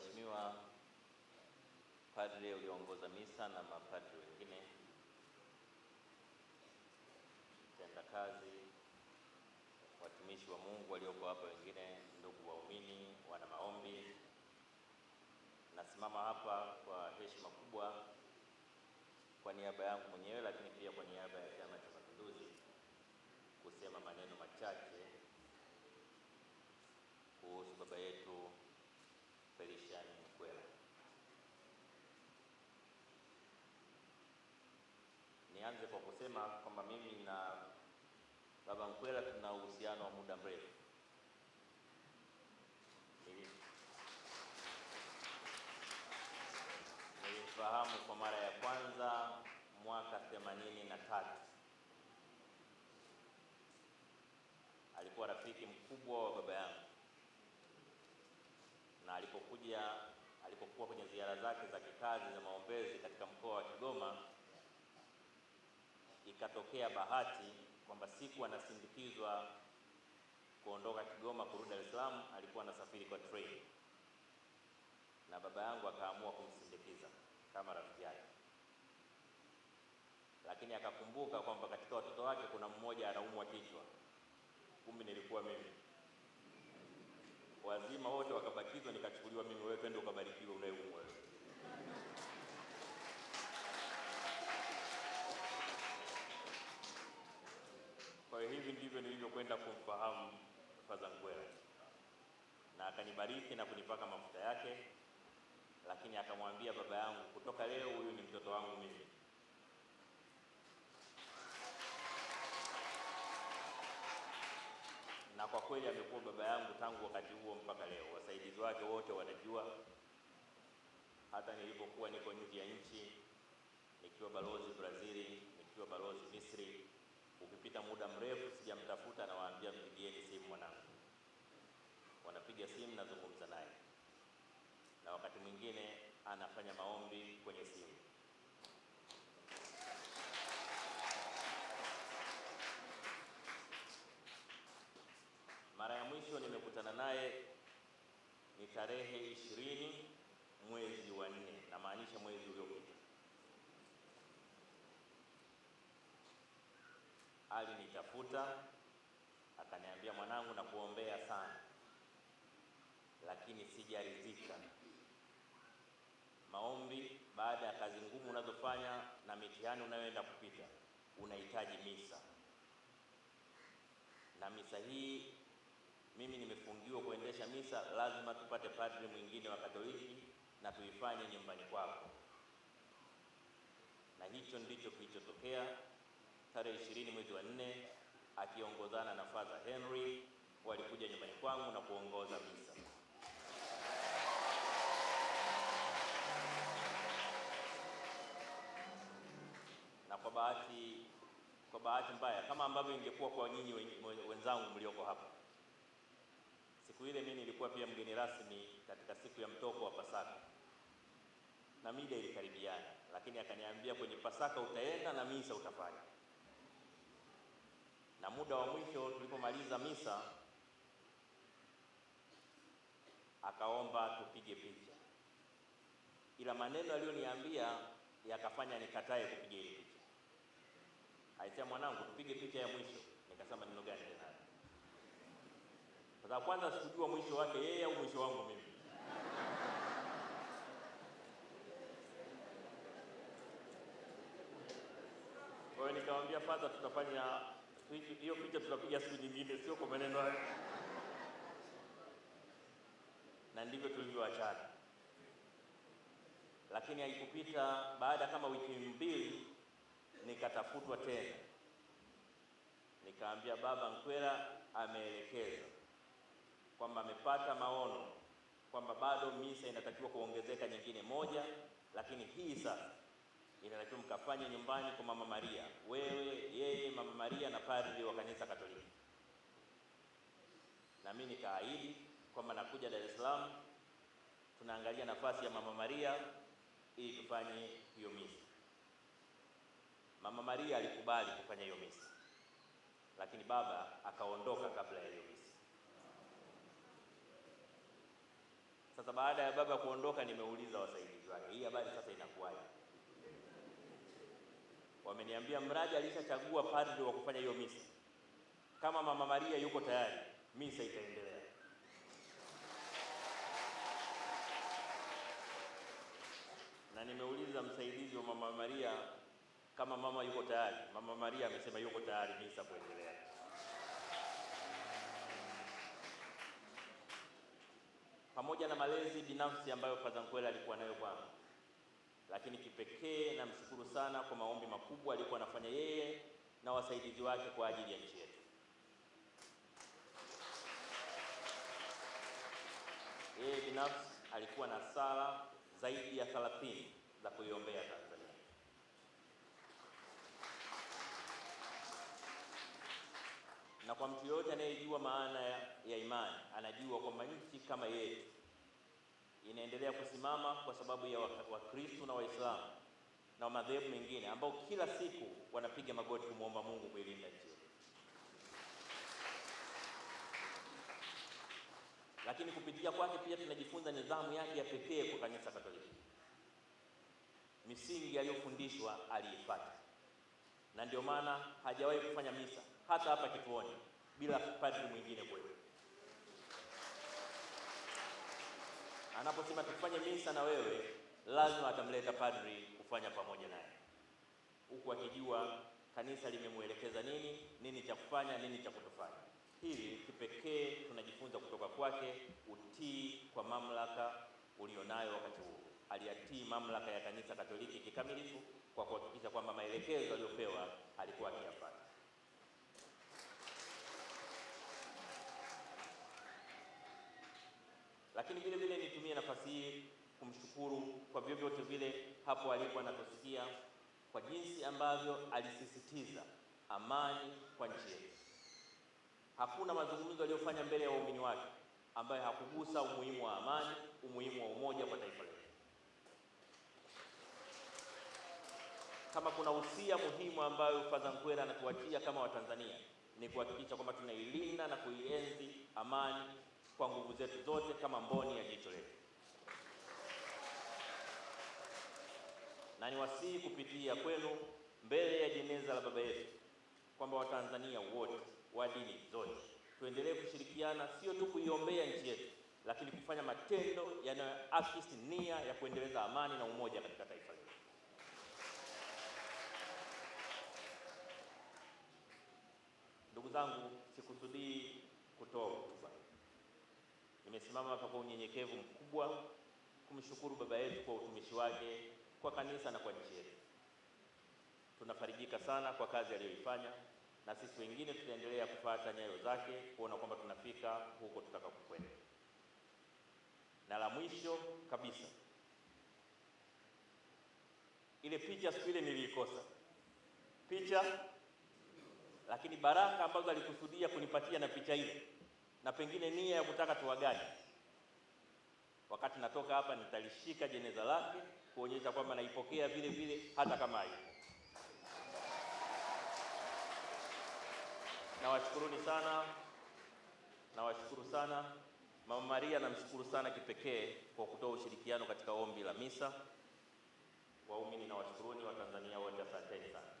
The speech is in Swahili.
waheshimiwa Padre ulioongoza misa na mapadri wengine, mtendakazi, watumishi wa Mungu walioko hapa, wengine ndugu waumini, wana maombi, nasimama hapa kwa heshima kubwa kwa niaba yangu mwenyewe, lakini pia kwa niaba ya nilivyosema kwamba mimi na baba Mkwela tuna uhusiano wa muda mrefu. Nilimfahamu kwa mara ya kwanza mwaka themanini na tatu. Alikuwa rafiki mkubwa wa baba yangu, na alipokuja alipokuwa kwenye ziara zake za kikazi za maombezi katika mkoa wa Kigoma ikatokea bahati kwamba siku anasindikizwa kuondoka Kigoma kurudi Dar es Salaam, alikuwa anasafiri kwa train na baba yangu akaamua kumsindikiza kama rafiki yake, lakini akakumbuka kwamba katika watoto wake kuna mmoja anaumwa kichwa, kumbe nilikuwa mimi. Wazima wote wakabakizwa, nikachukuliwa mimi. Wewe pendo, ukabarikiwa unayeumwa ndivyo nilivyokwenda kumfahamu Faza Nkwera, na akanibariki na kunipaka mafuta yake, lakini akamwambia baba yangu, kutoka leo huyu ni mtoto wangu mimi. Na kwa kweli amekuwa baba yangu tangu wakati huo mpaka leo. Wasaidizi wake wote wanajua, hata nilipokuwa niko nje ya nchi nikiwa balozi Brazili, nikiwa balozi Misri Umepita muda mrefu sijamtafuta, nawaambia mpigieni simu mwanangu, wanapiga simu, nazungumza naye, na wakati mwingine anafanya maombi kwenye simu. Mara ya mwisho nimekutana naye ni tarehe ishirini mwezi wa nne, namaanisha mwezi uliopita. alinitafuta akaniambia, mwanangu, nakuombea sana lakini sijaridhika. Maombi baada ya kazi ngumu unazofanya na mitihani unayoenda kupita, unahitaji misa, na misa hii mimi nimefungiwa kuendesha misa, lazima tupate padri mwingine wa Katoliki na tuifanye nyumbani kwako. Na hicho ndicho kilichotokea tarehe ishirini mwezi wa nne akiongozana na Father Henry walikuja nyumbani kwangu na kuongoza misa. Na kwa bahati kwa bahati mbaya kama ambavyo ingekuwa kwa nyinyi wenzangu mlioko hapa, siku ile mimi nilikuwa pia mgeni rasmi katika siku ya mtoko wa Pasaka na mida ilikaribiana, lakini akaniambia kwenye Pasaka utaenda na misa utafanya na muda wa mwisho tulipomaliza misa akaomba tupige picha, ila maneno aliyoniambia yakafanya nikatae kupiga ile picha. Alisema, mwanangu, tupige picha ya mwisho. Nikasema neno gani tena? Sasa kwanza sikujua mwisho wake yeye au mwisho wangu mimi. Kwa hiyo nikamwambia, fadha, tutafanya hiyo picha tunapiga siku nyingine, sio kwa maneno hayo. Na ndivyo tulivyoachana, lakini haikupita baada kama wiki mbili, nikatafutwa tena, nikaambia baba Nkwera ameelekeza kwamba amepata maono kwamba bado misa inatakiwa kuongezeka nyingine moja, lakini hii sasa inatakiwa mkafanye nyumbani kwa Mama Maria, wewe, yeye, Mama Maria na padri wa kanisa Katoliki. Na mimi nikaahidi kwamba nakuja Dar es Salaam, tunaangalia nafasi ya Mama Maria ili tufanye hiyo misa. Mama Maria alikubali kufanya hiyo misa, lakini baba akaondoka kabla ya hiyo misa. Sasa baada ya baba kuondoka, nimeuliza wasaidizi wake, hii habari sasa inakuwaje? wameniambia mradi alishachagua padri wa kufanya hiyo misa. Kama Mama Maria yuko tayari, misa itaendelea. Na nimeuliza msaidizi wa Mama Maria kama mama yuko tayari. Mama Maria amesema yuko tayari misa kuendelea. Pamoja na malezi binafsi ambayo Padre Nkwela alikuwa nayo kwangu lakini kipekee namshukuru sana kwa maombi makubwa alikuwa anafanya yeye na wasaidizi wake kwa ajili ya nchi yetu. Yeye binafsi alikuwa na sala zaidi ya 30 za kuiombea Tanzania. Na kwa mtu yoyote anayejua maana ya imani anajua kwamba nchi kama yetu inaendelea kusimama kwa sababu ya Wakristo na Waislamu na madhehebu mengine ambao kila siku wanapiga magoti kumwomba Mungu kuilinda nchi yetu. Lakini kupitia kwake pia tunajifunza nidhamu yake ya pekee kwa kanisa Katoliki. Misingi aliyofundishwa aliifuata, na ndio maana hajawahi kufanya misa hata hapa kituoni bila padri mwingine kwetu. anaposema tufanye misa na wewe, lazima atamleta padri kufanya pamoja naye, huku akijua kanisa limemwelekeza nini, nini cha kufanya, nini cha kutofanya. Hili kipekee tunajifunza kutoka kwake, utii kwa mamlaka ulionayo wakati huo. Aliyatii mamlaka ya kanisa Katoliki kikamilifu kwa kuhakikisha kwamba maelekezo aliyopewa alikuwa akiyafata. lakini vile vile nitumie nafasi hii kumshukuru kwa vyovyote vile hapo alipo anatusikia kwa jinsi ambavyo alisisitiza amani kwa nchi yetu. Hakuna mazungumzo aliyofanya mbele ya waumini wake ambayo hakugusa umuhimu wa amani, umuhimu wa umoja kwa taifa letu. Kama kuna usia muhimu ambayo Padre Nkwera anatuachia kama Watanzania ni kuhakikisha kwamba tunailinda na kuienzi amani kwa nguvu zetu zote kama mboni ya jicho letu, na niwasihi kupitia kwenu mbele ya jeneza la baba yetu kwamba Watanzania wote wa dini zote tuendelee kushirikiana, sio tu kuiombea nchi yetu, lakini kufanya matendo yanayoakisi nia ya kuendeleza amani na umoja katika taifa letu. Ndugu zangu, sikusudii kutoa hotuba. Nimesimama hapa kwa unyenyekevu mkubwa kumshukuru baba yetu kwa utumishi wake kwa kanisa na kwa nchi yetu. Tunafarijika sana kwa kazi aliyoifanya, na sisi wengine tutaendelea kufuata nyayo zake kuona kwamba tunafika huko tutakapokwenda. Na la mwisho kabisa, ile picha siku ile niliikosa picha, lakini baraka ambazo alikusudia kunipatia na picha ile na pengine nia ya kutaka tuwagani Wakati natoka hapa, nitalishika jeneza lake kuonyesha kwamba naipokea vile vile, hata kama hayupo. Nawashukuruni sana, nawashukuru sana. Mama Maria namshukuru sana kipekee kwa kutoa ushirikiano katika ombi la misa. Waumini nawashukuruni, Watanzania wote asanteni sana.